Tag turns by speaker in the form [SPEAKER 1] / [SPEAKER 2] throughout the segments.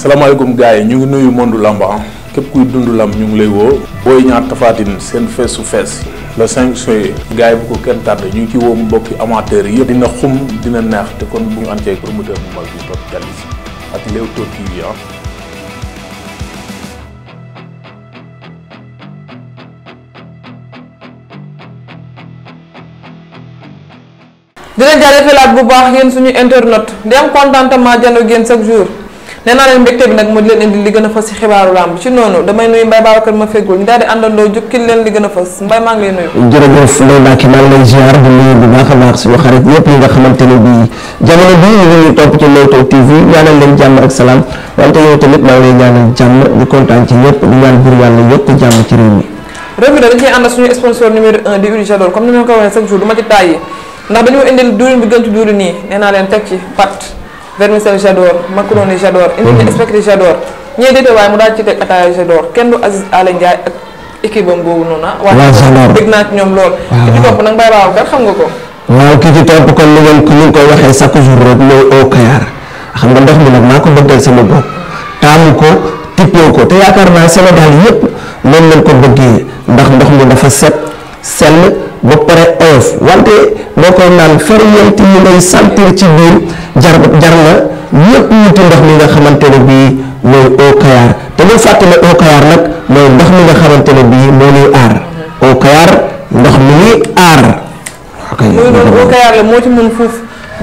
[SPEAKER 1] salaamalekum gars yi ñu ngi nuyu monde lamb ah képp kuy dundu lamb ñu ngi lay woo. Boy Niang Tapha Tine seen fees su fees le 5 juillet gars bu ko kenn tardé ñu ngi ci woo mbokki amateur yi dina xum dina neex te kon bu ñu ànd ceeg promoteur bu mag bi Pape Kallis ak Leewtoo ah. bu baax yéen suñu internet di am contentement jano géen chaque jour nee naa leen mbégte bi nag mu leen indi li gën a fës ci xibaaru làmb ci noonu damay nuyu Mbaye Babacar ma feggul ñu daal di àndandoo jukkil leen li gën a fës Mbaye maa a leen
[SPEAKER 2] jàmm ak salaam comme ni ma ko
[SPEAKER 1] waxee chaque jour du ma ci ndax dañoo indil duurin bi gën ci duurin yi nee leen teg ci pat vermicelle j'adore macaroni j'adore mm-hmm. indi ñu spaghetti j'adore ñee déedéet waaye mu daal ci teg ataaya j'adore kenn du Aziz Alain Ndiaye ak équipe am boobu noonu ah waaye dégg naa ci ñoom lool ki ci topp nag Baye Babacar xam nga ko
[SPEAKER 2] waaw ki ci topp kon ni ngeen ni koy waxee chaque jour rek mooy au xam nga ndox mi nag maa ko bëggal sama bopp taamu ko tippee ko te yaakaar naa Sénégal yépp noonu lañ ko bëggee ndax ndox mi dafa set sell ba pare oyof wante boo koy naan ferñeent yi ngay sentir ci biir jar jar na ñëpp wuti ndox mi nga xamante ne bii mooy eau te bul fàtte ne nag mooy ndox mi nga xamante ne bii moo ñuy aar eau Kayar ndox mi ñuy aar. ok eau Kayar la moo ci mun fuuf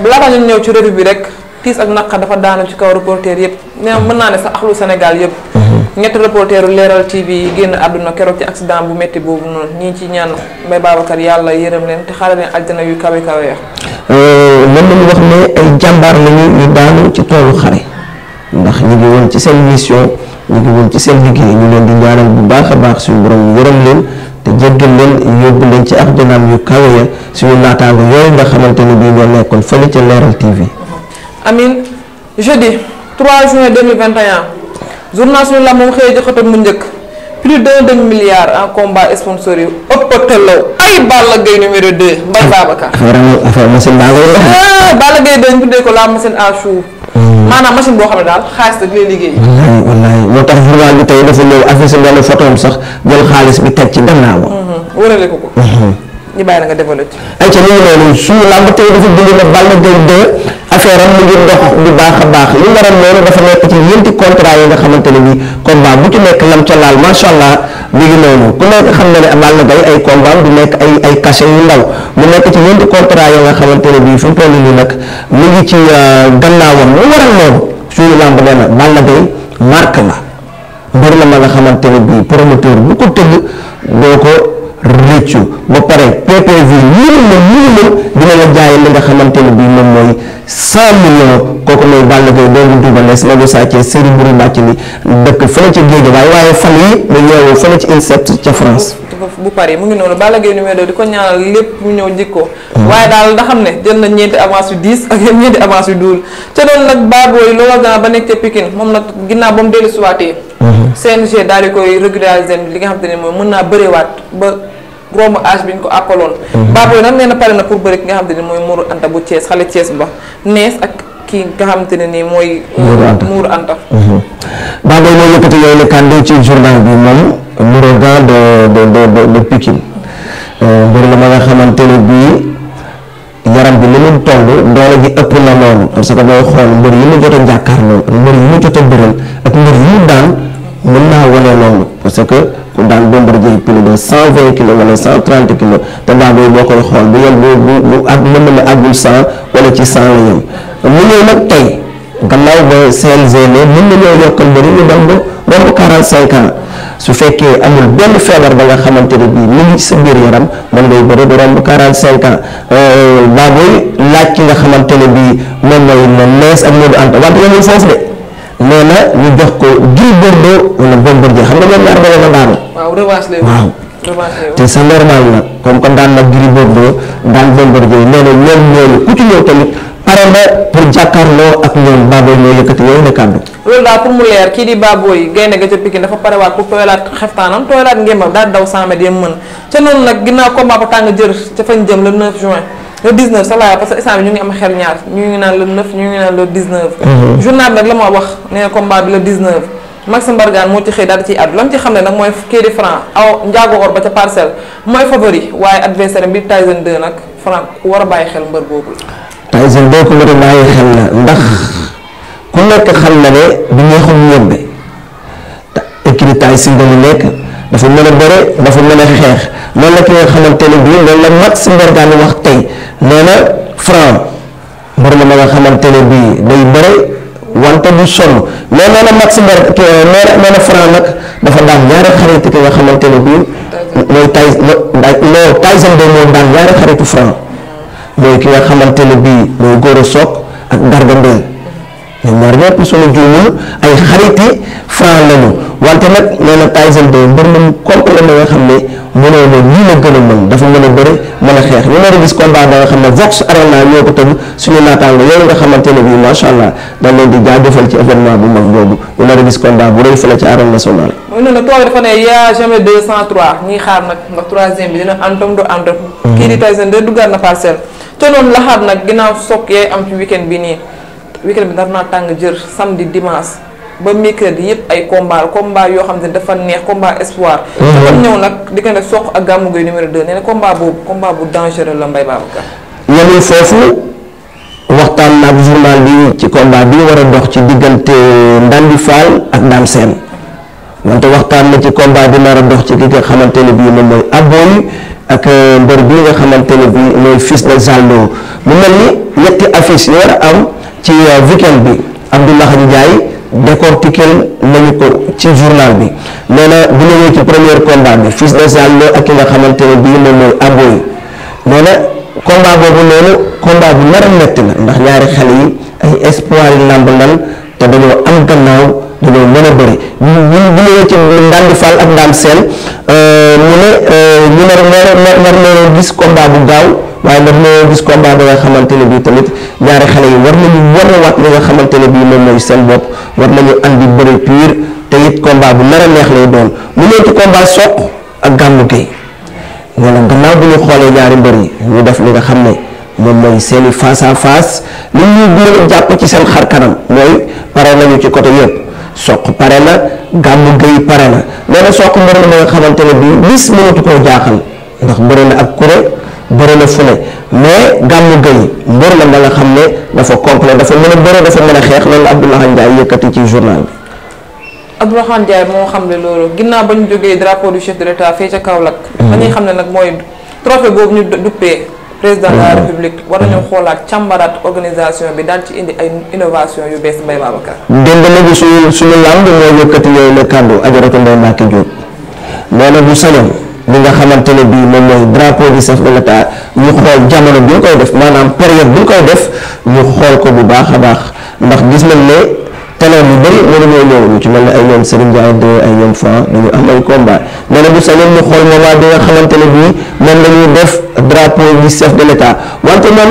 [SPEAKER 2] laata ñu
[SPEAKER 1] ñëw ci revue bi rek tiis ak naq dafa daanu ci kaw reporter yëpp mais mën naa ne sax axlu senegal yëpp. Mm-hmm. ñetti reporteru leeral TV yi génn àdduna keroog ci accident bu métti boobu noonu ñi ci ñaan Mbaye Babacar yàlla yërëm leen te xaaral leen yu euh, wax
[SPEAKER 2] ne ay lañu ñu daanu ci toolu xare ndax ñu ngi woon ci seen mission ñu ngi woon ci seen liggéey ñu leen di ñaanal bu baax a baax suñu borom yërëm leen te jéggal leen yóbbu leen ci aljanaam yu kawe ya suñu naataango yooyu nga xamante ni bii ñoo nekkoon fële ca leeral TV.
[SPEAKER 1] Amin jeudi 3 juin 2021. journal suñu lamb moom xëy joxatam mu njëkk plus d'un demi milliard en combat sponsor yu ëpp tëllaw ay Balla Gaye numéro 2 Mbaye Babacar.
[SPEAKER 2] affaire machine ah, Balla
[SPEAKER 1] Gaye. Balla Gaye dañ tuddee ko la machine à hmm. maanaam machine boo xam ne daal xaalis rek lay liggéey.
[SPEAKER 2] wallaay wallaay moo tax journal bi tey dafa ñëw affiché benn photo am sax jël xaalis bi teg ci gannaawam. Hmm, wërale ko ko. Hmm.
[SPEAKER 1] ñu bàyyi la nga développé.
[SPEAKER 2] ayca suñu làmb tey dafa bind a baax li ne bii combat bu ci nekk lam ca laal macha allah mi ngi noonu ku nekk xam nag mu euh, na Balla Gaye la mbër la ma nga xamante ne bii promoteur bu ko tëgg doo ko. rëccu ba pare PPV minimum minimum dina la jaay li nga xamante ne bii moom mooy 100 millions kooku mooy Balla Gaye doomu Double Less la bu sàccee Serigne Bourou Mbacke li dëkk fële ca géej waaye waaye fan yi mu ñëw fële ci INSEP ca France.
[SPEAKER 1] bu pare mu ngi noonu Balla Gaye numéro di ko ñaanal lépp mu ñëw jikko waaye daal da ne jël na ñeenti avance yu 10 ak ñeenti avance yu 12 ca doon nag baabooy looloo gën ba nekk ca Pikine moom nag seen mm-hmm. CNG daal di koy régulariser li nga xam ne ne mooy mën naa bëriwaat ba romb âge bi ñu ko àppaloon. Mm-hmm. Baboye nag nee na pare na pour bëri ki nga xam te ne mooy Mourou Anta bu Thiès xale Thiès ba nees ak ki nga xam ne nii mooy. Mourou Anta
[SPEAKER 2] mm-hmm. Baboye moo yëkkati yooyu le kàddu ci journal bi moom Mourou Anta de de de de Pikine euh, mbir la ma nga xamante ne bii. yaram bi li mu toll doole ji ëpp na loolu parce que booy xool mbër yi mu jot a jàkkaarloo mbër yi mu jot a bëral ak mbër yi mu daan mën naa wane loolu parce que daan Bombardier plus de cent vingt kilos wala cent trente te daa boo koy xool bu yem bu bu ak mën na ci cent yem mu ñëw nag tey gannaaw ba CNG ne mën na ñoo yokkal mbër yi ñu dem ba romb quarante cinq su fekkee amul benn feebar ba nga xamante ne bii mu ngi sa biir yaram mën ngay bëri du romb 45 ans daa euh, booy laaj ki nga xamante ne bii moom mooy moom nees ak Modou Anta wante yemul foofu de nee na ñu ko Gris Bordeaux wala Bombardier xam nga ñoom ñaar daan na Gris nee na ñoom ñooñu ku ci ñëw tamit. pare na pour jàkkaarloo ak ñoom Baboy ñoo yëkkati yooyu ne kàddu.
[SPEAKER 1] loolu daal pour mu leer kii di Baboy gaynde ga ca Pikine dafa parewaat pour tooyalaat xeftaanam tooyalaat ngémbam daal daw 100 mètres yam mën ca noonu nag ginnaaw combat ba tàng jër ca fañ jëm le 9 juin le 19 sax parce que instant ñu ngi am xel ñaar ñu ngi naan le 9 ñu ngi naan le 19. Mhm. journal nag la ma wax nee na bi le 19. Maxime Bargane moo ci xëy daal di ciy ci xam ne nag mooy kii di Franc aw njaago or ba ca parcelle mooy favori waaye adversaire war a bàyyi xel mbër boobu
[SPEAKER 2] waaye seen boo ko mën a bàyyi xel la ndax ku nekk xam na ne du neexul ñebbe te écritage si nga nekk dafa mën a bëre dafa mën a xeex loolu la ki nga xamante ne bii loolu la Max Mbergane wax ma nga xamante ne bii day bëre wante du sonn mais nee Max Mbergane nee na Franc nag dafa daan ñaari xarit ki nga xamante ne bii loolu Tyson de moo daan ñaari xaritu Franc mooy ki nga xamante ne bii mooy Gora Sock ak Garga Mboye ñoom ñaar ñëpp sunu juuma ay xariti franc lañu wante nag na Tyson 2 mbër moom complet ma a a bëre mën a xeex ñu nar ba nga xam ne Vox Arena ñoo ko tëgg suñu naataango yooyu nga xamante ne bii macha allah dañ leen di jaajëfal ci bu mag boobu ñu nar a gis combat bu rëy fële ci arène nationale.
[SPEAKER 1] noonu toog dafa ne yaa jamais 203 ñuy xaar nag ndax troisième bi dina antom du antom. Mhm. kii di Tyson 2 duggaat na parcelle. te loolu laxaat nag ginnaaw soog yaay am ci weekend bi nii weekend bi nar naa tàng jër samedi dimanche ba mercredi yëpp ay combat combat yoo xam ne dafa neex combat espoir. te mhm. kon ñëw nag diggante Sokh ak Gamou Gueye numéro 2 nee na combat boobu combat bu dangereux la Mbaye Babacar.
[SPEAKER 2] ñooñu foofu waxtaan na ak bi ci combat bi war a dox ci diggante Ndandi Fall ak Dame Sène wante waxtaan na ci combat bi nar a dox ci ki nga xamante ne bii moom mooy ak euh, mbër bi nga xamante ne bi mooy fils de Zallo mu mel ni ñetti affiche yi war a am ci euh, weekend bi Abdoulaye Ndiaye décortiqué nañu ko ci journal bi nee na bu ñëwee ci première combat bi fils de Zallo ak ki nga xamante ne bi moom mooy Aboy nee na combat boobu noonu combat bu nar a la ndax ñaari xale yi ay espoir yi lamb te dañoo am gannaaw. dañoo mën a bëri ñu ñu ñu ci Ndandi Fall ak Ndam Seen euh, mu ne euh, ñu nar nar nar nañoo gis combat bu gaaw waaye nar nañoo gis combat bi nga xamante ne bii tamit ñaari xale yi war nañu war a wat li nga xamante ne bii moom mooy seen bopp war nañu andi bëri pur te it combat bu nar a neex lay doon mu ne ci combat soq ak gàmmu gi wala gannaaw bu ñu xoolee ñaari mbër yi ñu def li nga xam ne moom mooy seen i face à face li ñuy gën a jàpp ci seen xar kanam mooy pare nañu ci côté yëpp. soq pare na gàmmu géey pare na nee na soq mbër la ma nga xamante ne bii lis mënatu koo jaaxal ndax bëri na ak kuré bëri na fu ne mais gàmmu géey mbër la ma nga xam ne dafa complet dafa mën a bëre dafa mën a xeex loolu Abdoulaye Ndiaye yëkkati ci journal bi
[SPEAKER 1] Abdoulaye Ndiaye moo xam ne loolu ginnaaw ba ñu jógee drapeau du chef de l'état fee ca Kaolack mhm. dañuy xam ne nag mooy trophée boobu ñu duppee président de la république war nañu xoolaat càmbaraat organisation bi daal ci indi ay innovation yu bees Mbaye Babacar.
[SPEAKER 2] démb léegi suñu suñu làng moo yëkkati yooyu la kàddu ajaratu Ndeye Mbacke Diop nee na mu sañoon li nga xamante ne bii ma mooy drapeau bi chef de l'État ñu xool jamono bi ñu koy def maanaam période bi ñu koy def ñu xool ko bu baax a baax ndax gis nañ ne. tenor yu bëri mënuñoo ñëw ñu ci man na ay ñoom Serigne Ndiaye de ay ñoom Fa dañu am ay combat nee na bu sañoon mu xool xamante ne bii moom la ñuy def drapeau du chef de l' état wante nga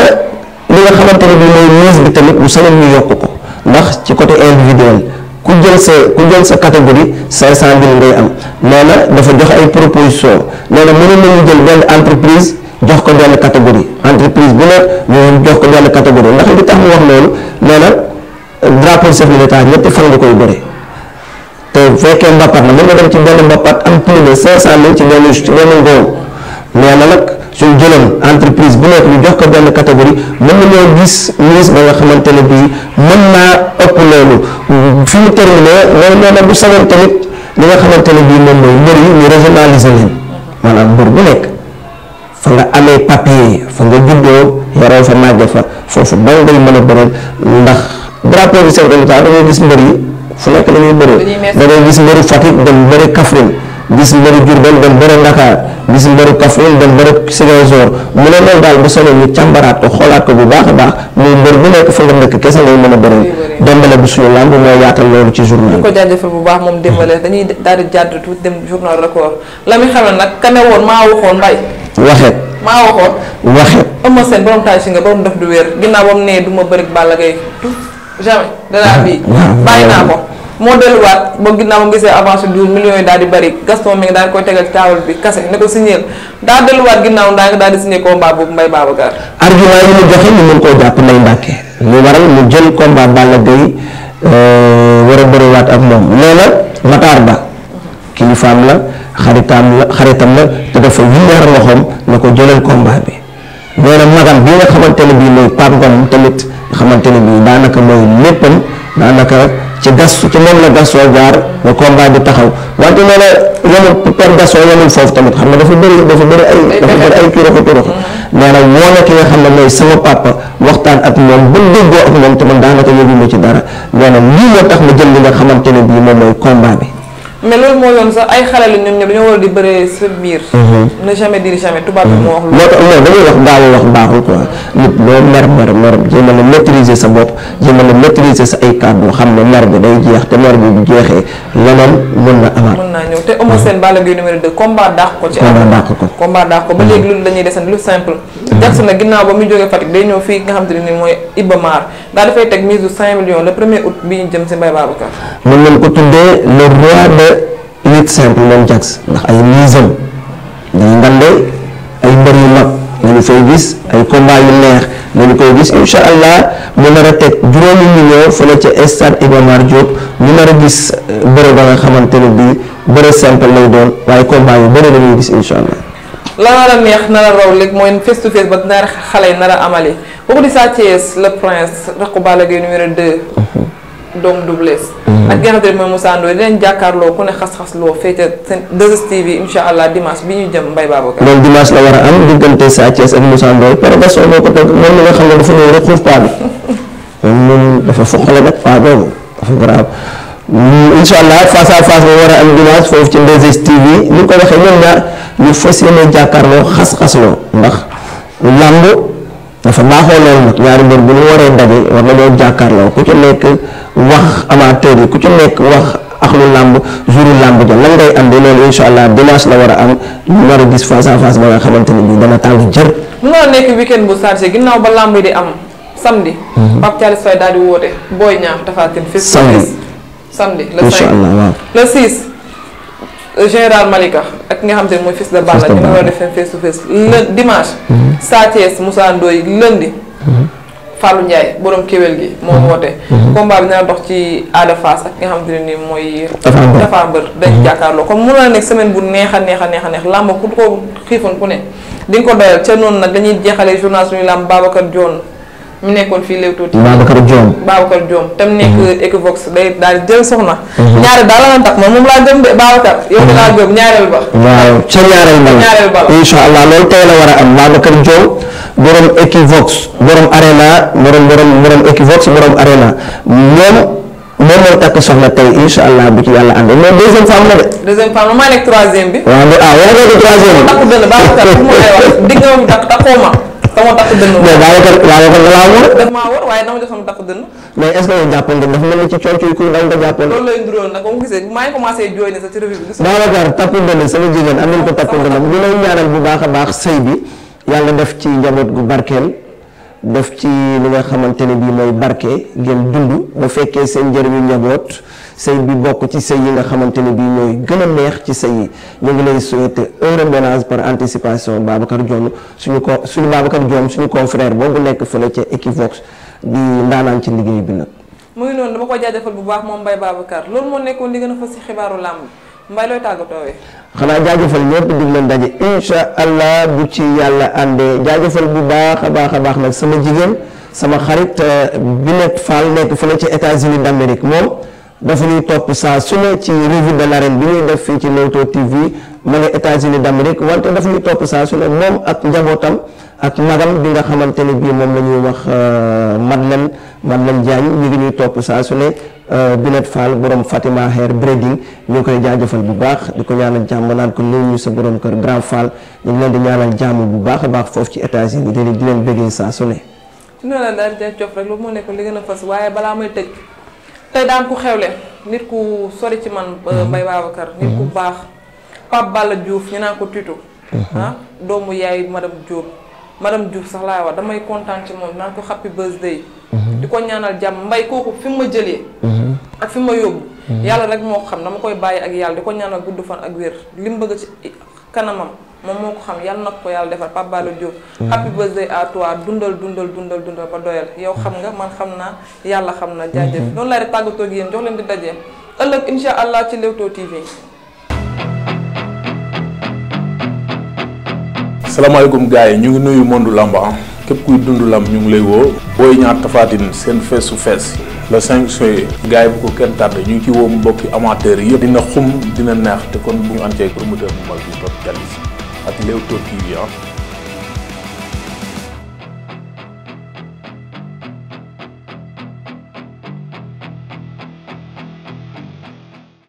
[SPEAKER 2] xamante ne bii mooy mise bi tamit bu sañoon ñu yokk ko ndax ci côté individuel ku jël sa ku sa catégorie cinq cent mille ngay am nee dafa jox ay proposition nee na mënoon nañu jël benn entreprise jox ko benn catégorie entreprise bu ne ñu jox ko benn catégorie ndax li tax mu wax loolu nee chef de l'état ñetti fan nga koy bëre te bu fekkee mbappat na mën nga dem ci benn mbappat am plus de 500000 ci benn ci benn ngóor mais nag suñ jëloon entreprise bu nekk ñu jox ko benn catégorie mën nañoo gis ministre ba nga xamante ne bii mën naa ëpp loolu fi mu terminé loolu nee bu sawoon tamit li nga xamante ne bii moom mooy mbër yi ñu régionaliser leen maanaam mbër bu nekk fa nga amee papier fa nga juddoo yaroo fa màgge fa foofu dong ngay a bëral ndax. drapeau bi chef de l'état da ngay gis mbër yi fu nekk la ñuy bëree gis mbëru Fatick dem bëri Kaffrine gis mbëru Diourbel dem bëri Ndakaar gis mbëru Kaffrine dem bëri Ziguinchor mu ne loolu daal bu solo ñu càmbaraat ko xoolaat ko bu baax a baax muy mbër bu nekk fa mën a bëree dembale bu suñu làmb moo yaatal loolu ci journal ko
[SPEAKER 1] jaajëfal bu baax moom dembale dañuy daal di jàdd tuuti dem journal record la muy xamee nag ka ne woon maa waxoon mbay waxeet maa waxoon waxeet ëmma seen borom taay si nga borom def du wér ginnaaw bam ne du ma bëri Balla Gaye jamais danaa bii bàyyi naa ko moo delluwaat ba ginnaaw mu gisee avance du millions yi daal di bëri gaston mi ngi daal di koy tegal ci table bi kase ne ko signé daa delluwaat ginnaaw ndaa ngi daal di signé combat boobu Mbaye Babacar
[SPEAKER 2] argument yi mu joxe ñu mën koo jàpp Mbaye Mbacke lu waral mu jël combat Balla Gaye euh, war a bëriwaat ak moom nee na Matar Ba kilifaam la xaritam la xaritam la te dafa yindaar loxoom ne ko jëlal combat bi nee na magam bi nga xamante bii mooy Pape Ngom tamit xamante ne bii daanaka mooy léppam daanaka ci gas ci moom la gasoo jaar ba combat bi taxaw wante nee na yemul per gasoo yemul foofu tamit xam nga dafa bëri dafa bëri ay dafa bëri ay turoxo turoxo mm-hmm. nee na woo na ki nga xam ne mooy sama papa waxtaan ak moom ba déggoo ak moom te man daanaka yëguma ci dara nee na lii moo tax ma jël li nga xamante ne bii moom mooy combat bi
[SPEAKER 1] mais loolu moo yoon sax ay xale la ñoom ñoom war a di bëree sa biir. Mhm. ne jamais dire jamais tubaab bi moo wax. moo
[SPEAKER 2] tax non wax baaxul quoi nit loo mer mer mer jéem a la maîtriser sa bopp jéem a la maîtriser sa ay kàddu xam ne mer bi day jeex te mer bi bu jeexee leneen mën na amaat. mën naa ñëw te Eumeu Sène Balla lutte simple moom Jax ndax ay misam day ngande ay mbër yu mag lañu fay gis ay combat yu neex lañu koy gis incha allah mu nar a teg juróomi million fële ca stade Iba Mar Diop ñu nar a gis euh, bëre ba nga xamante ne bii bëre simple lay doon waaye combat yu a lañuy gis incha allah.
[SPEAKER 1] la nar a neex nar a raw léegi mooy face to face ba nar xale nar a amali boobu di Sa Thiès le prince rakku Balla Gaye a 2. doomu Doubless mm-hmm. ak ki nga xamante ne mooy Moussa Ndoye jàkkaarloo ku ne xas-xas loo féete seen 2STV incha allah dimanche bi ñu jëm Mbaye Babacar
[SPEAKER 2] loolu dimanche a am diggante Sa Thiès ak Moussa Ndoye pare ba soo moo ko dafa mm, foofu ci 2STV ni ko waxee ñoom ñaar ñu fas yéene jàkkaarloo xas-xasloo ndax làmb dafa baaxoo loolu nag ñaari mbir bu ñu waree ndaje war nañoo jàkkaarloo ku ci nekk wax amateur yi ku ci nekk wax axlu làmb jouru làmb ja lan ngay andi loolu incha allah dimanche la war a am ñu nga xamante ni bii dana tàng jër.
[SPEAKER 1] mënoo nekk weekend am samedi. Mhm. Pape Thialis daal di woote Boy Niang Tapha Tine. fii samedi samedi le xam mooy to face mhm. le dimanche. Mhm. Sa Thiès Moussa Ndoye Fallou Ndiaye borom kéwél gi moo mm-hmm. woote. Mm-hmm. combat bi dina ci Ada Fass ak nga xamante ne mm-hmm. a a neex a neex làmb ku ko xiifoon ku ne di nga ko doyal ca noonu nag dañuy jeexalee journal suñu làmb Babacar Dione mu nekkoon fii Leewtoo TV. Babacar Diome Babacar Diome. tam nekk Equivox day daal jël soxna. ñaareel daal la tax man moom laa gëm de Babacar. yow da laa gëm ñaareel ba.
[SPEAKER 2] waaw ca ñaareel ba la ñaareel ba la. incha loolu tey la war a am Babacar Diome. borom Equivox borom Arena borom borom borom Equivox borom Arena moom moom moo takk soxna tey incha allah bu ci yàlla ànd mais deuxième femme la de.
[SPEAKER 1] deuxième femme maa nekk troisième bi. waaw ah yaa ngi nekk troisième bi. takk dënn Babacar bu ma lay wax
[SPEAKER 2] dégg nga moom takk takkoo ma sama takk dënn. mais Babacar Babacar nga laa wër. daf maa wër waaye
[SPEAKER 1] dama jox sama takk dënn.
[SPEAKER 2] mais est ce que yow jàppoon dafa mel ni ci coono kuy kuy ndaw nga jàppoon. loolu
[SPEAKER 1] lay nduroon nag ba mu gisee maa ngi commencé jooy ne sa ci revue bi.
[SPEAKER 2] Babacar takk dënn sama jigéen am nañu ko takk dënn bu ñaanal bu baax a baax sëy bi yàlla def ci njaboot gu barkeel def ci li nga xamante ne bii mooy barke ngeen dund ba fekkee seen njëriñu njaboot sëy bi bokk ci sëy yi nga xamante ne bii ñooy gën a neex ci sëy yi ñu ngi lay souhaiter heureux ménage par anticipation Babacar Diome suñu ko suñu Babacar Diome suñu confrère boobu nekk fële ca Equivox di ndaanaan ci liggéey bi nag.
[SPEAKER 1] muy noonu dama ko jaajëfal bu baax moom Mbaye Babacar loolu moo nekkoon li gën a fës ci xibaaru làmb. mbay looy tàggatoowee.
[SPEAKER 2] xanaa jaajëfal ñëpp dig leen daje incha allah bu ci yàlla àndee jaajëfal bu baax a baax a baax nag sama jigéen sama xarit Binette Fall nekk fële ci États-Unis d'Amérique moom dafa ñuy topp saa su ne ci revue de l'arène bi ñuy def fii ci Leewtoo TV ma nga États-Unis d'Amérique wante dafa ñuy topp saa su ne moom ak njabootam ak magam bi nga xamante ne bii moom la ñuy wax euh, Madeleine Madeleine Diagne ñu ngi ñuy topp saa su ne. Euh, Binet Fall borom Fatima Hair Braiding ñu koy jaajëfal bu baax di ko ñaanal jàmm naan ko nuyu ñu sa borom kër Grand Fall ñu ngi di ñaanal jàmm bu baax a baax foofu ci États-Unis di leen di leen bëggee saa su ne.
[SPEAKER 1] ci noonu la daal rek lu mu nekk li gën a fas waaye balaa may tëj tey daan ku xewle nit ku sori ci man. Mbaye mhm. Babacar nit ku mhm. baax Pape Balla Diouf ñu naan ko Tito. Mhm. Ah, doomu yaay madame Diop. madame Diouf sax laay wax damay kontaan ci moom naa ko happy birthday mhm. di ko ñaanal jàmm mbay kooku fi ma jëlee mhm. ak fi ma yóbbu mhm. yàlla rek moo xam dama koy bàyyi ak yàlla di ko ñaanal gudd fan ak wér li mu bëgg ci kanamam moom moo ko xam yàlla na ko yàlla defar Pape Balla Diop happy birthday dundal dundal dundal dundal ba doyal yow xam nga man xam naa yàlla xam na jaajëf noonu laa di tàggatoo ak yéen jox leen di dajee ëllëg insha allah ci Leewtoo TV salaamaaleykum gars yi ñu ngi nuyu mondu làmb ah képp kuy dundu lamb ñu ngi lay woo Boy Niang Tapha Tine seen fees su fees la 5 juillet gars yi bu ko kenn tardé ñu ngi ci woo mbokki amateur yëpp dina xum dina neex te kon bu ñu ànd mu promoteur bu mag bi toog ak Leewtoo TV ah